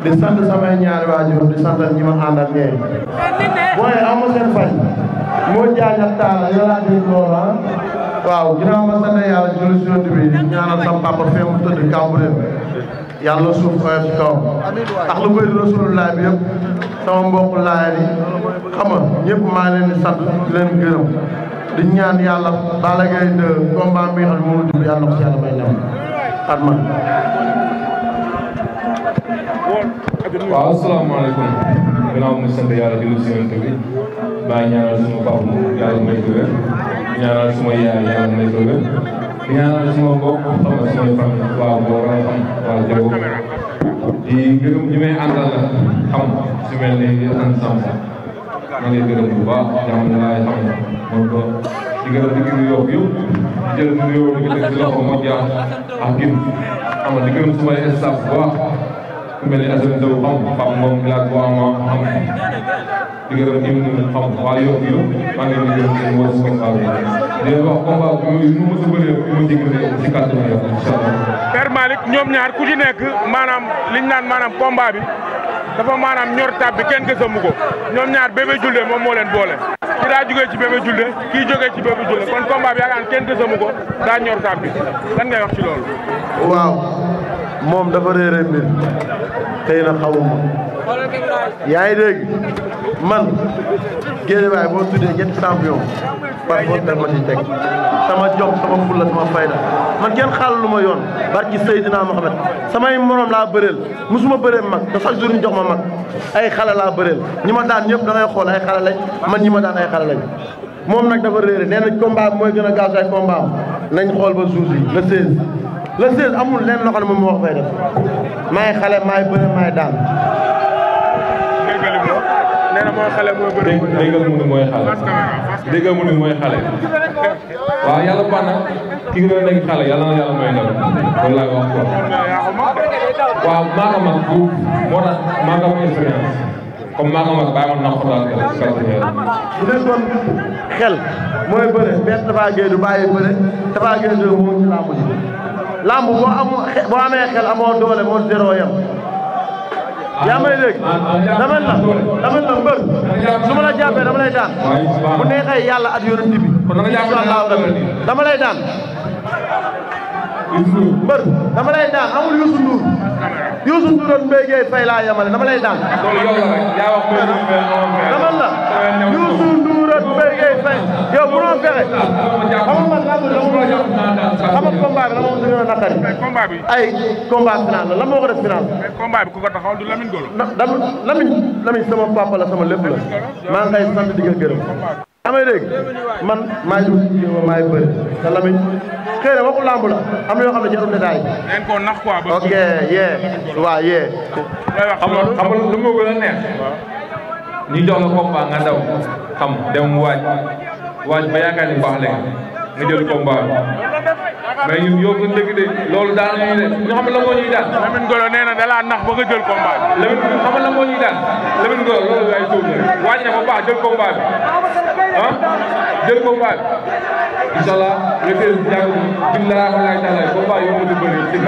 di sant samay ñaari waajur di sant ñi ma àndal ñeent. booy fay. moo jaajal taala yow laa ah. waaw ginnaaw ma sant yàlla julli bi ñaanal sama papa fee mu tëdd Cambérène yàlla suuf xoyof ci kawam ndax lu bëri rasulullah bi yëpp sama mbokk laay ni xam nga ñëpp maa leen di di ñaan yàlla Balla Gaye 2 combat xam ne moom la jublu yàlla may ndam at man waaw asalaamaaleykum gannaaw mu sant yàlla di lu si yonent bi maa ngi ñaanal suma papa yàlla may ko wér ñaanal suma yaay yàlla may ko wér ñaanal suma mbokk xam nga sumay famille waaw boo war a xam waaw jago di gërëm ñi may àndal la xam su mel ni ensemble ma ngi gërëm bu baax jàmm laay xam moom ko di gërëm di gërëm yokk yëpp di jël nuyoo di ko teg si loxo ma jaar ak gin xam nga di gërëm sumay staff bu baax ku mel ni Assane Ndao xam Pape Ngom El Hadj Boama xam di gërëm Ibn xam waa Yoff yu maa ngi leen di gërëm seen wàllu combat bi di leen wax combat bi yooyu nu ma sa bëree ku ma jégalu ci kàddu gi incha allah. Père Malick ñoom ñaar ku ci nekk maanaam liñ naan maanaam combat bi. dafa maanaam ñor tab bi kenn gësamu ko ñoom ñaar bébé julde moom moo leen boole ki daa jógee ci bébé julde kii jógee ci bébé julde kon combat bi kenn gësamu ko daa ñor tab bi lan ngay wax ci loolu waaw moom dafa réere mbir xëy na xawuma yaa ngi dégg man Guédiawaye boo tuddee ñetti champion par force daf ma ci teg sama jom sama fulla sama fayda man kenn xaaral lu ma yoon barki Seydina Mohamed samay morom laa bëreel musuma bëreel mag te chaque jour ñu jox ma mag ay xale laa bëreel ñi ma daan ñëpp da xool ay xale man ñi ma daan ay xale lañ moom nag dafa réeré nee na combat mooy gën a gaaw say combat nañ xool ba jour yi le 16 le amul lenn loo xam ne moom moo wax fay xale maay bëre maay xale mooy bëri déggal mu ni mooy xale déggal mu ni mooy xale waaw yàlla baax na nekk xale yàlla na yàlla may ndam loolu laay mag bu moo tax maa ko mag expérience comme maa mag bàyyi ma naq daal bu nekkoon xel mooy bëre benn Tapha Gueye du bàyyi bëre Tapha Gueye du moo ci làmb ji làmb boo amul doole moo zéro yaa may dégg dama la dama la mbër su ma la jàppee dama lay daan bu neexee yàlla ak yonent bi insha allah dama lay daan mbër dama lay daan amul Youssou Ndour Youssou Ndour doon mbéygee fay laa yemale dama lay daan dama la Youssou Ndour doon mbéygee fay yow bu doon fexe combat bi ay combat final la lan moo ko def final. mais combat bi ku sama papa la sama lépp la maa ngi lay sant di nga gërëm. yaa may dégg man maa ngi wut ma maa ngi bëri te Lamine xëy na waxu làmb la am na yoo ne jarul ok yee waaw yee. xam nga xam nga lu ma a neex. ñu la combat nga daw xam dem waaj waaj ba yaakaar ni baax la nga jël combat mais ñun yoo gën dëgg de loolu daal la ñuy def ñu xam la moo ñuy daal. Lamine nee na dala nax ba nga jël combat bi. Lamine la moo ñuy daal Lamine Golo loolu laay tuub la waaj na ba baax jël combat bi ah incha allah le treize jàng billaahi wallaahi taala combat yi mën na bëri ci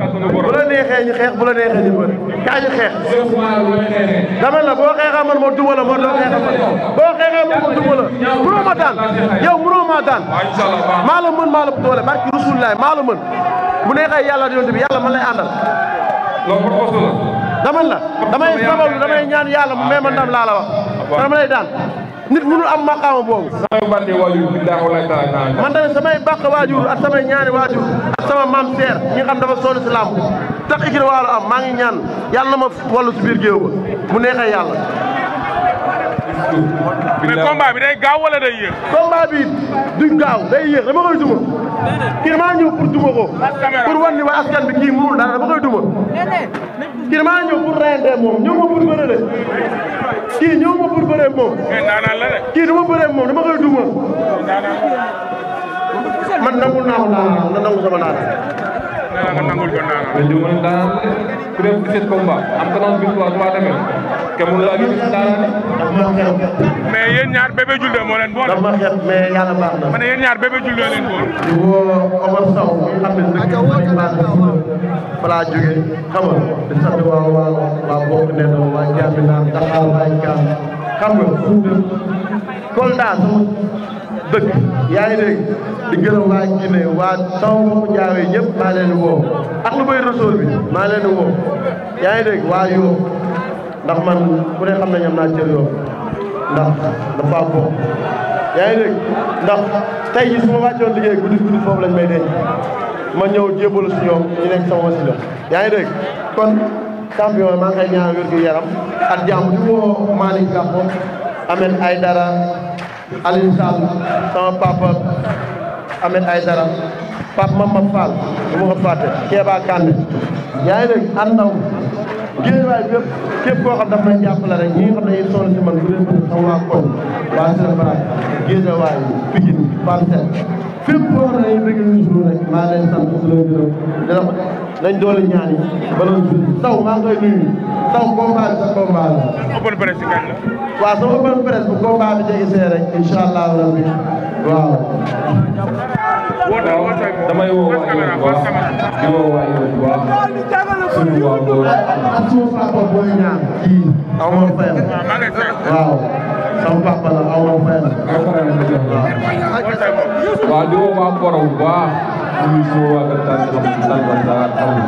kàttanu borom. bu la neexee ñu xeex bu la neexee ñu bëri kaa ñu xeex. dama la boo xeexee man ma duma la ma doo xeexee man boo xeexee man ma duma la mënoo ma daan yow mënoo ma daan. maa la mën maa la doole barki Rasulullah maa la mën bu neexee yàlla yonent bi yàlla man lay àndal. loolu la. dama la damay sababu damay ñaan yàlla mu may ma ndam laa la wax. dama lay daan nit mënul am maqaama boobu samay bandi waajur billahi walaay taala naa man tamit samay bàq waajur ak samay ñaari waajur ak sama maam seer ñi nga dafa sonn si làmb tax ikir waalo am maa ngi ñaan yàlla na ma wàllu si biir géew ba mu neexee yàlla mais combat bi day gaaw wala day yéex combat bi duñ gaaw day yéex dama koy duma kii maa ñëw pour duma ko pour wan ni waa askan bi kii mënul dara dama koy duma kii maa ñëw pour rayante moom ñëw ma pour mën a kii ñëw ma pour bëree moom. kii du ma bëree moom dama koy duma. man nangul naa ko naanaa na sama naanaa. nee naa nga nangul ko ndaanaan. mais li mu mën ndaanaan ku def 17 combat am 14 victoire 3 défaites kenn mënu laa gis ndaanaan. daf ma xeeb. mais yéen ñaar Bébé Diouldé moo leen boole. daf ma xeeb mais yàlla baax na. ma ne yéen ñaar Bébé Diouldé leen boole. di woo Omar Sow xam ne dëkk bi mooy base fa laa jógee xam nga di sant waa waa waa bokk nee na waa Diamina Dakar waa Ndiaye xam nga Kolda sama. dëkk yaa ngi dégg di gërëm waa Guinée waa sama mbokku jaawe yëpp maa leen di woo ak lu bay Rasool bi maa leen di woo yaa ngi waa yoo ndax man ku ne xam nañ am naa cër yoo ndax dafa bokk yaa ngi dégg ndax tey jii su ma wàccoon liggéey guddi guddi foofu lañ may denc ma ñëw jébalu si ñoom ñu nekk sama wasila yaa ngi dégg kon champion maa ngi koy ñaan wér yaram ak jàmm di woo Malick Gakou Ahmed Aïdara Alioune Sall sama papa Ahmed Aïdara papa Mama Fall bu ma ko fàtte Kéba Kande yaa ngi dégg àndaw géewaay bépp képp koo xam daf may jàppale rek ñi nga xam ne dañuy sonn si man bu leen mën waa koñ waa Sène Baraak géewaay Pikine Parcelles fépp boo xam ne dañuy bëgg Youssou Ndour rek maa leen sant di leen gërëm dina ko nañ doole ñaan yi ba doon suuf taw maa ngi koy nuyu taw combat bi sa combat la. open press si kañ la. waaw sama open press bu combat bi jege see rek incha allah rabbi waaw. waaw damay woo waa yow bu baax di woo waa yow bu baax suñu waa Ngor ak suñu papa booy ñaan kii aw ma fayal waaw sama papa la aw ma fayal. waaw di woo waa Mboro bu baax di nuyu waa Kër Saalum Saalum Saalum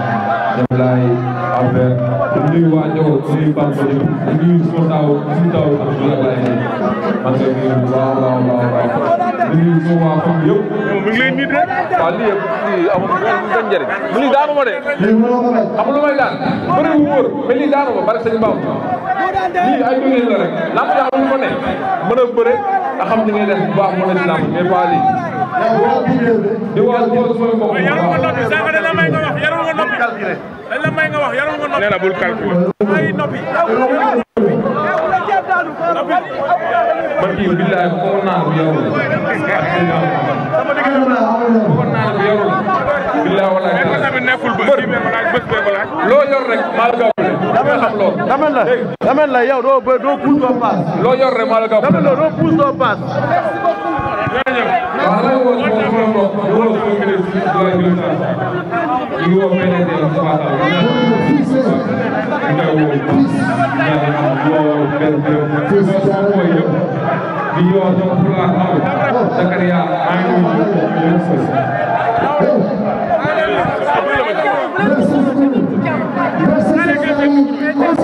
Dembaay Albert di nuyu waa Ndiol di nuyu Bamba di nuyu suma taw suñu taw ak suñu laay nekk man de nuyu bu baax a baax a baax di nuyu suma waa fan yëpp. mu ngi lay nit rek. waaw lii yëpp lii amul benn njëriñ. mu lii daanu ma de. lii mënoo ko nag. amul lu may daan bëri wu wóor mais lii daanu ma bari sëñ Ba lii ay bëggee la rek. lamb yaa amul ko ne mën a bëre nga xam ni ngay def bu baax mën a ci lamb mais pas lii. di woo di woo suma mbokk. waaw yarul nga noppi sànq dañ la may nga wax yarul nga noppi. dañ la may nga wax yarul nga noppi. nee na bul calculer. ay noppi. man kii billaay foogoon naa bu yarul. foogoon naa bu yarul. billaay walaay. mais man tamit nekkul ba kii bee ko laaj bés bee ko laaj. loo yor rek maa la gaaw damel la damel la damel la yow doo doo pousse doo passe. loo yor rek maa la gaaw damel la doo pousse doo passe. lay woo sama sama mbokk di woo sama ministre bi Abdoulaye Diouf Sarr di woo PDG Moustapha Sall ndaw woo benn benn mooy yëpp di yoo sama pulaar Amadou Zakaria maa ngi nuyu ñëpp ñëpp